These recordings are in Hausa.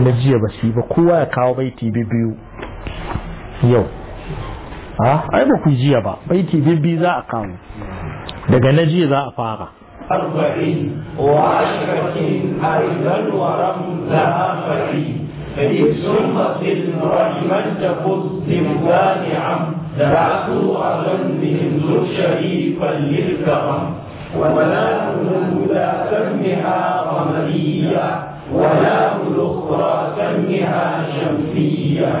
na jiya ba su yi ba kowa ya kawo baiti biyu yau a ai ba ku jiya ba baiti biyu za a kawo daga na jiya za a fara أربعين وعشرة أيضا ورمزها فريد فإذ سمة رجما تفز ممتنعا درعته على ذنبهم شريفا للكرم ولا نمود سمها رمزية ولا الأخرى سمها شمسية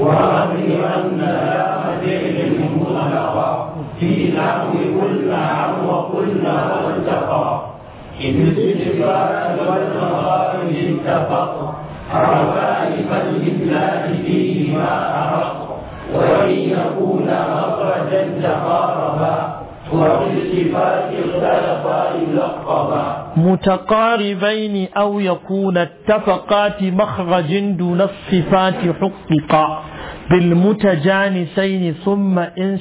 وأخبر أن لا فعل مطلقا في نحو قلنا وقلنا والتقى إن الاستفاء والمخارج اتفق حرفان فلله فيهما أرق وإن يكون مخرجا تقاربا متقاربين أو يكون اتفقات مخرج دون الصفات حققا بالمتجانسين ثم إن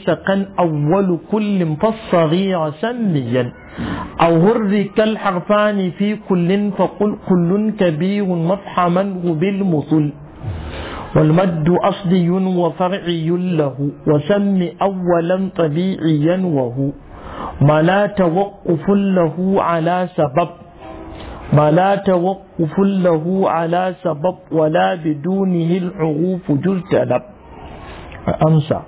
أول كل فالصغير سميا أو هرك الحرفان في كل فقل كل كبير مفحما بالمثل والمد أصلي وفرعي له وسم أولا طبيعيا وهو ما لا توقف له على سبب ما لا توقف له على سبب ولا بدونه العروف جلتلب أمسى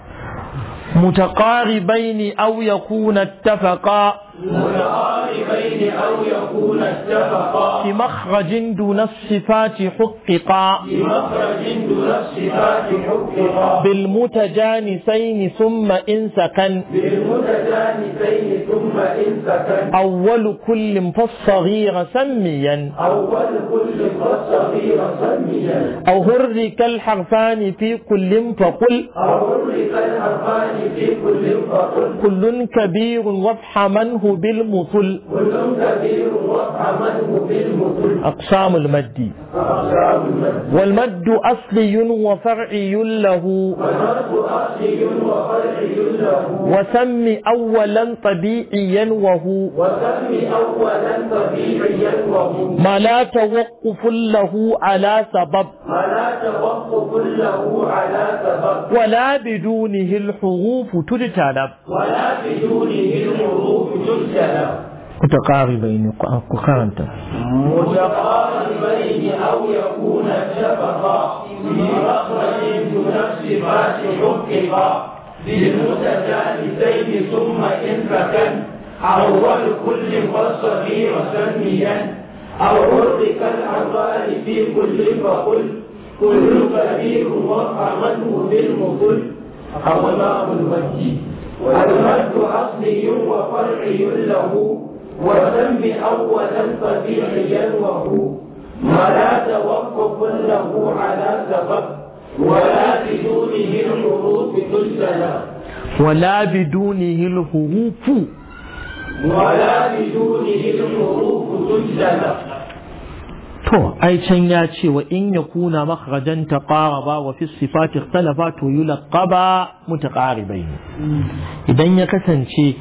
متقاربين أو يكون اتفقا متعارفين أو يكون اتفقا بمخرج دون الصفات حققا في مخرج دون الصفات حققا بالمتجانسين ثم إن سكن بالمتجانسين ثم إن سكن أول كل فالصغير سميا أول كل فالصغير سميا أو هرك الحرفان في كل فقل أو هرك الحرفان في كل فقل كل كبير وابح من هو وفعمله بالمثل أقسام المد والمد أصلي وفرعي له وسم أولا طبيعيا وهو ما لا توقف له على سبب ولا بدونه الحروف تجتنب ولا بدونه الحروف مشتبه متقاربين قارنت متقاربين أو يكون شبقا بمخرج بنفس ما حققا للمتجانسين ثم إن فكن أول كل والصغير سميا أو عرق الأرض في كل فقل كل كبير وأمنه بالمقل أو ماء الوجه والرد أصلي وفرعي له وذنب أولا فبيعيا وهو لا توقف له على سبب ولا بدونه الحروف تجتنى ولا بدونه الحروف ولا بدونه الحروف تجتنى to ai can ya ce wa in ya kuna makhrajan taqaraba wa fi sifat ikhtalafa to yulaqaba mutaqaribain idan ya kasance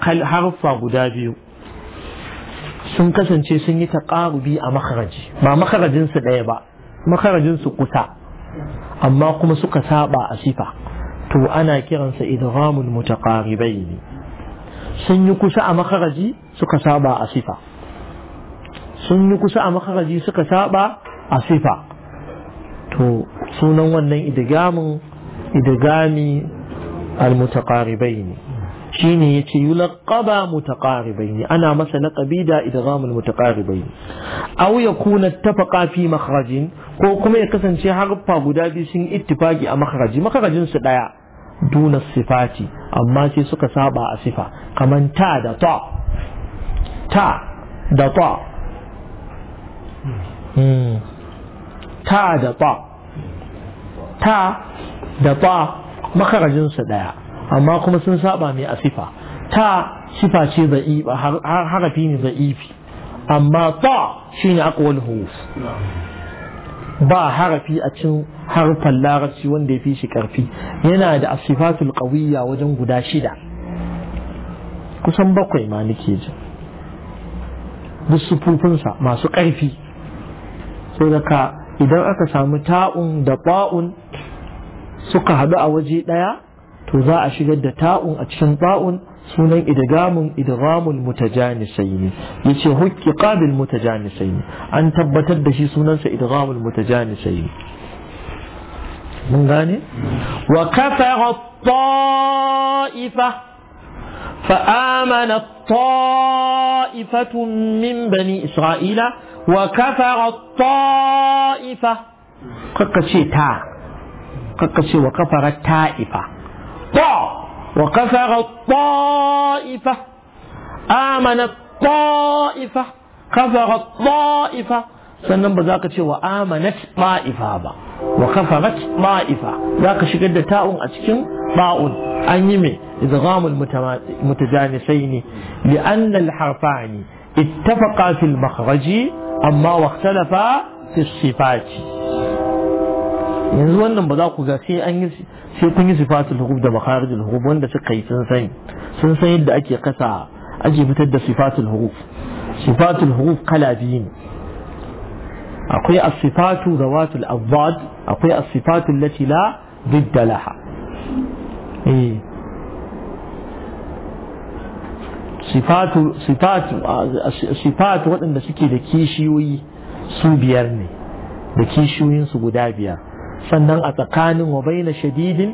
harfa guda biyu sun kasance sun yi taqarubi a makharaji ba makharajin su daya ba makharajin su kusa amma kuma suka saba a sifa to ana kiransa idghamul mutaqaribain sun yi kusa a makharaji suka saba a sifa sun yi kusa a makaraji suka saba a sifa to sunan wannan idigamin idigami al-mutaqaribai ne shine yace yulaqaba mutaqaribai ana masa laqabi da ne. mutaqaribai aw yakuna tafa fi makhrajin ko kuma ya kasance harfa guda biyu sun ittifaki a makhraji makhrajin su daya duna sifati amma sai suka saba a sifa kamar ta da ta ta da ta ta da ba ta da ba makarajinsu ɗaya amma kuma sun saba mai a sifa ta sifa ce da harafi ne da ifi amma ta shi ne akwai huruf ba harafi a cin harfan larabci wanda ya fi shi ƙarfi yana da asifatul ƙawiyya wajen guda shida kusan bakwai ma nake ji duk sufufinsa masu ƙarfi. so ka idan aka samu ta'un da ba'un suka haɗu a waje ɗaya to za a shigar da ta'un a cikin ba'un sunan idgamun idgamul mutajanisai yace huqiqa bil mutajanisai an tabbatar da shi sunansa idgamul mutajanisai mun gane wa kafara ta'ifa فآمنت طائفة min bani Isra'ila. wa kafara ta'ifa kaka ce ta kaka ce wa kafara ta'ifa ta wa kafara ta'ifa amana ta'ifa kafara ta'ifa sannan ba za ka ce wa amanat ma'ifa ba wa kafarat ma'ifa za ka shigar da ta'un a cikin ba'un an yi mai idghamul mutajanisai ne li'anna al-harfani اتفقا في المخرج أما واختلفا في الصفات yanzu wannan ba za ku ga sai an yi sai kun yi sifatul hukub da makharijul hukub wanda suka yi sun sani sun san yadda ake kasa ake fitar da sifatul hukub sifatul hukub kala biyu ne akwai as-sifatu zawatul abwad akwai as-sifatu allati la bidda laha eh sifatu waɗanda suke da kishiyoyi su biyar ne da kishiyoyinsu guda biyar sannan a tsakanin wa baina shadidin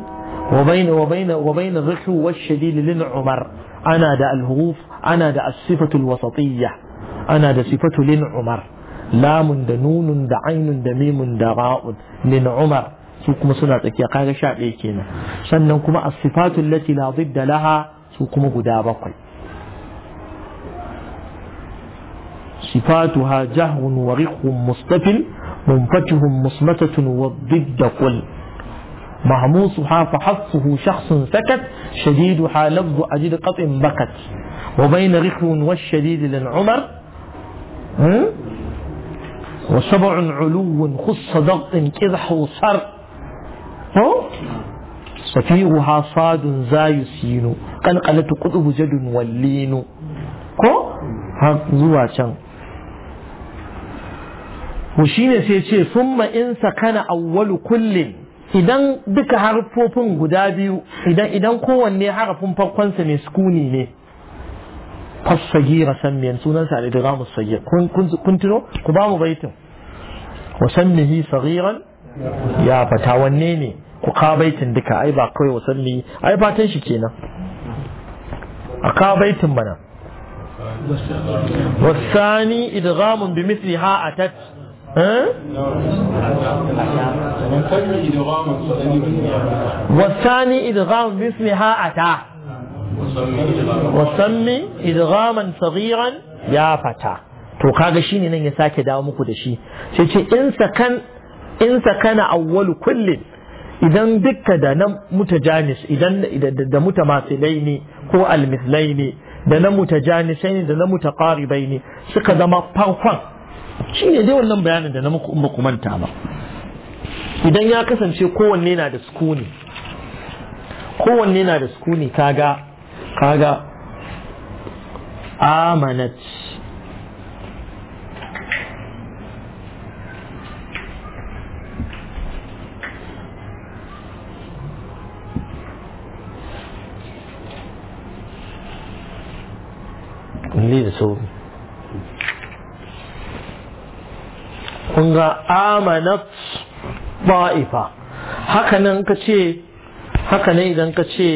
wa baina rikhu wa umar ana da al ana da as wasatiyya ana da sifatu Lin umar lamun da nunun da ainun da mimun da ra'un Lin umar su kuma suna tsakiya kaga sha ɗaya kenan sannan kuma a sifatu allati la didda laha su kuma guda bakwai صفاتها جهو ورق مستفل منفته مصمتة والضد قل مهموسها فحصه شخص سكت شديدها لفظ أجد قطع بكت وبين رخو والشديد للعمر وسبع علو خص ضغط كذح وصر صفيرها صاد زاي سين قلقلة قطب جد واللين كو ها زوا ku shine sai ce summa in sakana awwalu kullin idan duka harfofin guda biyu idan idan kowanne harafin farkonsa mai sukuni ne fasagira sammiyan sunansa al-idgham as-saghir kun kun tuno ku ba mu baitin wa sammihi saghiran ya fata wanne ne ku ka baitin duka ai ba kawai wa sammi ai fatan shi kenan a ka baitin mana والثاني إدغام بمثلها أتت والثاني إدغام باسمها أتى وسمي إدغاما صغيرا ya fata. to kaga shine nan ya sake dawo muku da shi sai ce in sakan in sakana awwalu kullin idan dukka da na mutajanis idan da mutamasilai ko almislai ne da na mutajanisai ne da na mutaqaribai ne suka zama farkon shi ne dai wannan bayanin da na muku ku manta ba idan ya kasance kowanne na da sukuni kowanne na da sukuni kaga kaga amanat da a kun ga amanat ba'ifa haka nan ka ce haka idan ka ce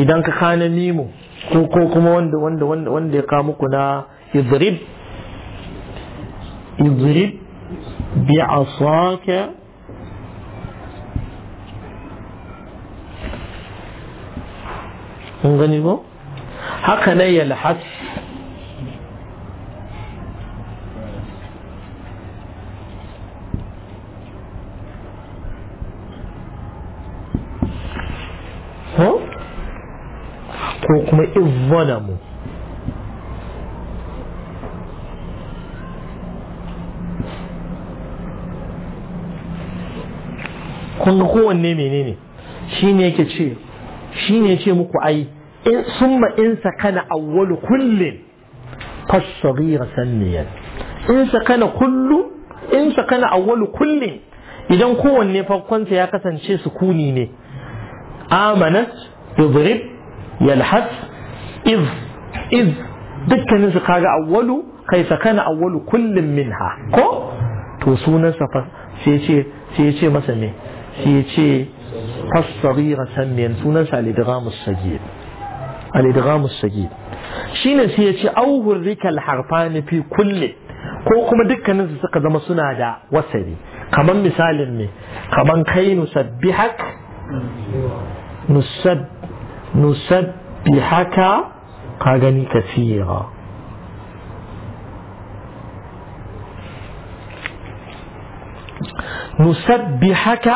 idan ka kana mimu ko ko kuma wanda wanda wanda wanda ya kama muku na idrib idrib bi asaka kun gani ko haka ne yalhas إذ ظلموا kun ga kowanne menene shi ne yake ce shi ne ce muku ai in summa in sakana awwalu kullin qas saghira sanniyan in sakana kullu in sakana awwalu kullin idan kowanne farkon ya kasance su kuni ne amanat yudrib yalhas iz iz dukkanin kaga awwalu kai sakana awwalu kullum minha ko to sunan sa sai ce sai ce masa me sai ce fasarira sanmiyan sunan sa al-idgham shine sai ya ce harfani fi ko kuma dukkanin su suka zama suna da wasari kaman misalin ne kaman kai nusabbihak nusab nusab بحكى قاغني كثيرا نسبحك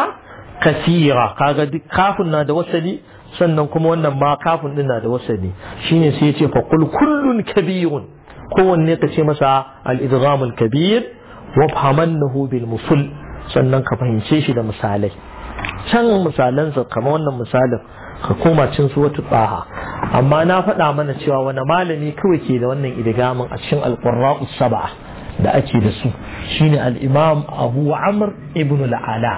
كثيرا قاغدي na da وسلي sannan kuma wannan ma kafin din na da wasani shine sai yace fa qul kullun kabirun kowanne ka ce masa al-idgham al-kabir wa fahamannahu bil musul sannan ka fahimce shi da misalai can misalan sa kamar wannan misalin ka koma cin su wata tsaha amma na faɗa mana cewa wani malami kawai ke da wannan idgamin a cikin alqurra'us sab'a da ake da su shine ne al'imam Abu Amr ibn al-Ala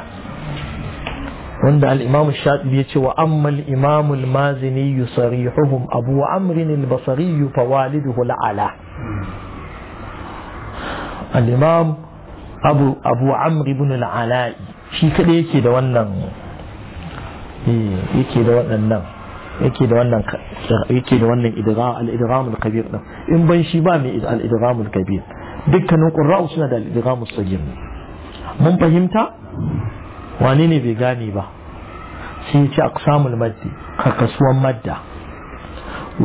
wanda al-imam ya ce wa amma al-imam al-Mazini yusarihuhum Abu Amr al-Basri fa walidu al-Ala Al'imam Abu Abu Amr ibn al-Ala shi kadai yake da wannan eh, yake da waɗannan yake da wannan yake da wannan idgham al-idgham al-kabir din in ban shi ba mai al-idgham al-kabir dukkanin qurra'u suna da al-idgham al sagir mun fahimta wani ne bai gane ba sai ce aqsamul maddi kasuwan madda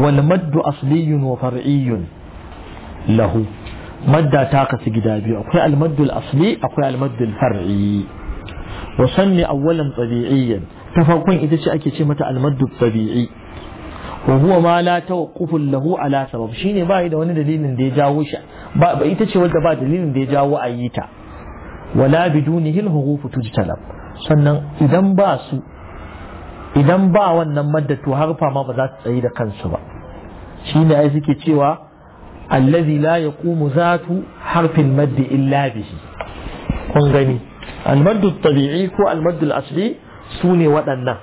wal maddu asliyun wa far'iyun lahu madda ta kasu gida biyu akwai al-maddu al-asli akwai al-maddu al-far'i wa sanni awwalan tabi'iyyan ta farkon ita ce ake ce mata almaddu tabi'i wa huwa ma la tawqufu lahu ala sabab shine ba da wani dalilin da ya jawo shi ba ita ce wanda ba dalilin da ya jawo a yi ta wala bidunihi al-hurufu tujtalab sannan idan ba su idan ba wannan madda to harfa ma ba za su tsayi da kansu ba shine ai suke cewa allazi la yaqumu zatu harfin maddi illa bihi kun gani al tabi'i ko al-maddu al-asli سوني ne waɗannan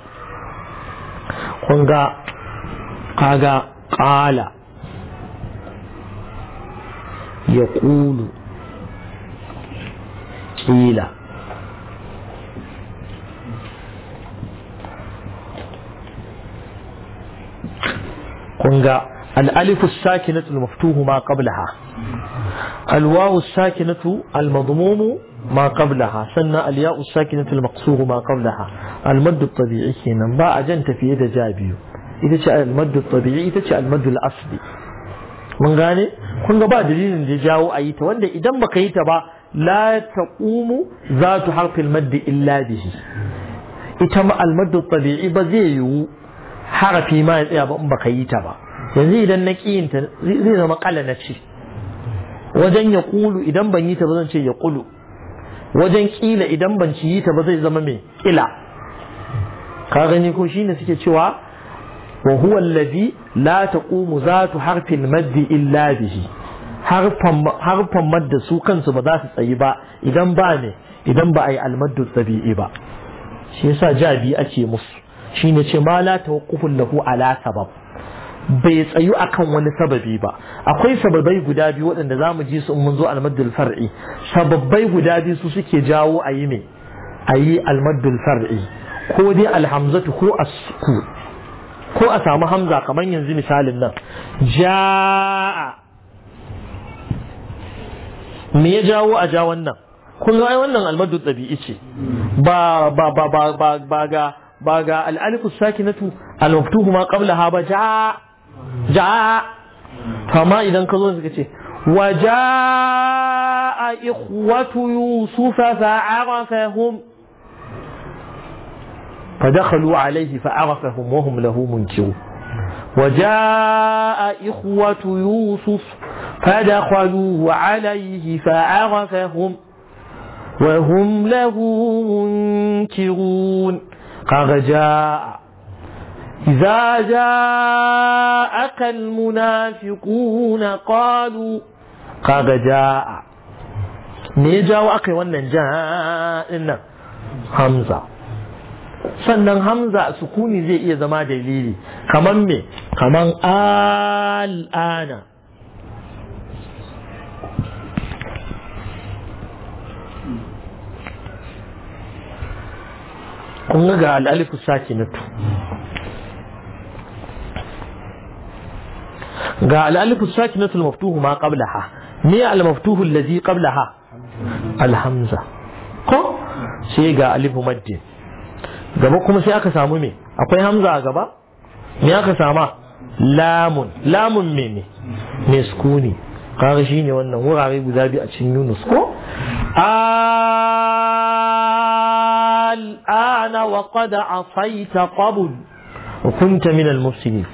kun قال kaga قيل ya الألف الساكنة المفتوح ما قبلها الواو الساكنة المضموم ما قبلها سنة الياء الساكنة المقصور ما قبلها المد الطبيعي كينا باع جنت في إذا جابيو إذا شاء المد الطبيعي إذا شاء المد الأصلي من غاني كن باع دليل اللي جاو أيت وانده إذا ما قيت با لا تقوم ذات حرف المد إلا به إتم المد الطبيعي بزيو حرف ما يبقى ما قيت با يعني إذا نكين زي ما قال نشي وجن يقول إذا ما قيت بزن شيء يقوله wajen kila idan ban ci ta ba zai zama mai kila ka gani ko shine suke cewa wa huwa alladhi la taqumu zatu harfin maddi illa bihi harfan harfan madda su kansu ba za su tsayi ba idan ba ne idan ba ai yi almaddu tabi'i ba shi yasa jabi ake musu shine ce ma la tawqufu lahu ala sabab bai tsayu akan wani sababi ba akwai sababai guda biyu waɗanda za mu ji su mun zo almaddul far'i sababai guda biyu su suke jawo a yi me a yi almaddul far'i ko dai alhamzatu ko asku ko a samu hamza kamar yanzu misalin nan ja'a me ya jawo a ja wannan kun ga wannan almaddul dabi'i ce ba ba ba ba ba ga ba ga al-alif sakinatu al-maftuhu ma qablaha ba ja'a جاء فما idan ka zo suka ce wa ja'a ikhwatu فدخلوا عليه فعرفهم وهم له منكرون وجاء إخوة يوسف فدخلوا عليه فعرفهم وهم له منكرون قال جاء إذا جاءك المنافقون قالوا قد جاء me ya jawo aka yi wannan ja'in nan hamza sannan hamza sukuni zai iya zama dalili kaman me kaman al'ana kun ga al'alifu tu. ga al'alifu sakinatul maftuhu ma qablaha me al-maftuhu allazi qablaha al-hamza ko sai ga alifu maddin gaba kuma sai aka samu me akwai hamza a gaba me aka sama lamun lamun me ne me sukuni kaga shine wannan wurare guda biyu a cikin Yunus ko الآن وقد wa kunta min al-mufsidin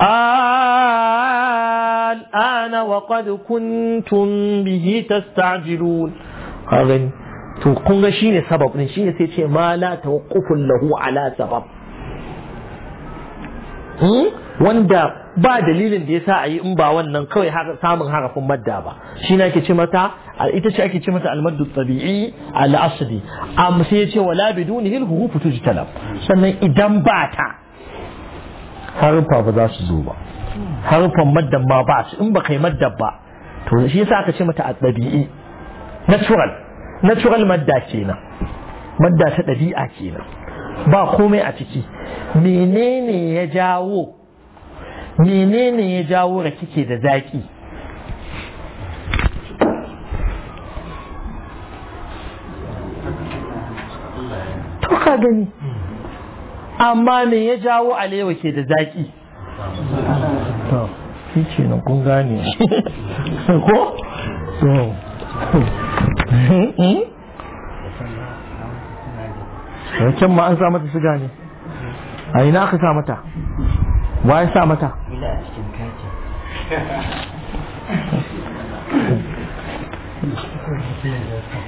الآن وقد كنتم به تستعجلون هذا to kun ga shine sabab din shine sai ce ma la tawaqqufun ala sabab wanda ba dalilin da yasa ayi in ba wannan kawai samun harafin madda ba shi ne ake ce mata ita ce ake ce mata almaddu tabi'i al asli amma sai ya ce wala bidunihi al hurufu sannan idan ba ta harfa ba za su zo ba harfan maddan ma ba su in ba kai maddan ba to shi yasa aka ce mata a ɗabi'i natural natural madda kenan madda ta ɗabi'a kenan ba komai a ciki menene ya jawo menene ya jawo rakike da zaki to ka gani amma me ya jawo alewa ke da zaki to shi ce na kun gane ko to Yankin hmm? ma an sa mata ne, a ina aka sa mata, wa ya sa mata?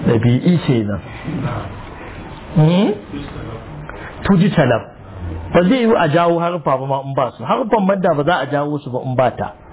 ɗabi'i ce hmm? nan tuji talab ba zai yi a jawo harfa ba ma in ba su harfan madda ba za a jawo su ba in ba ta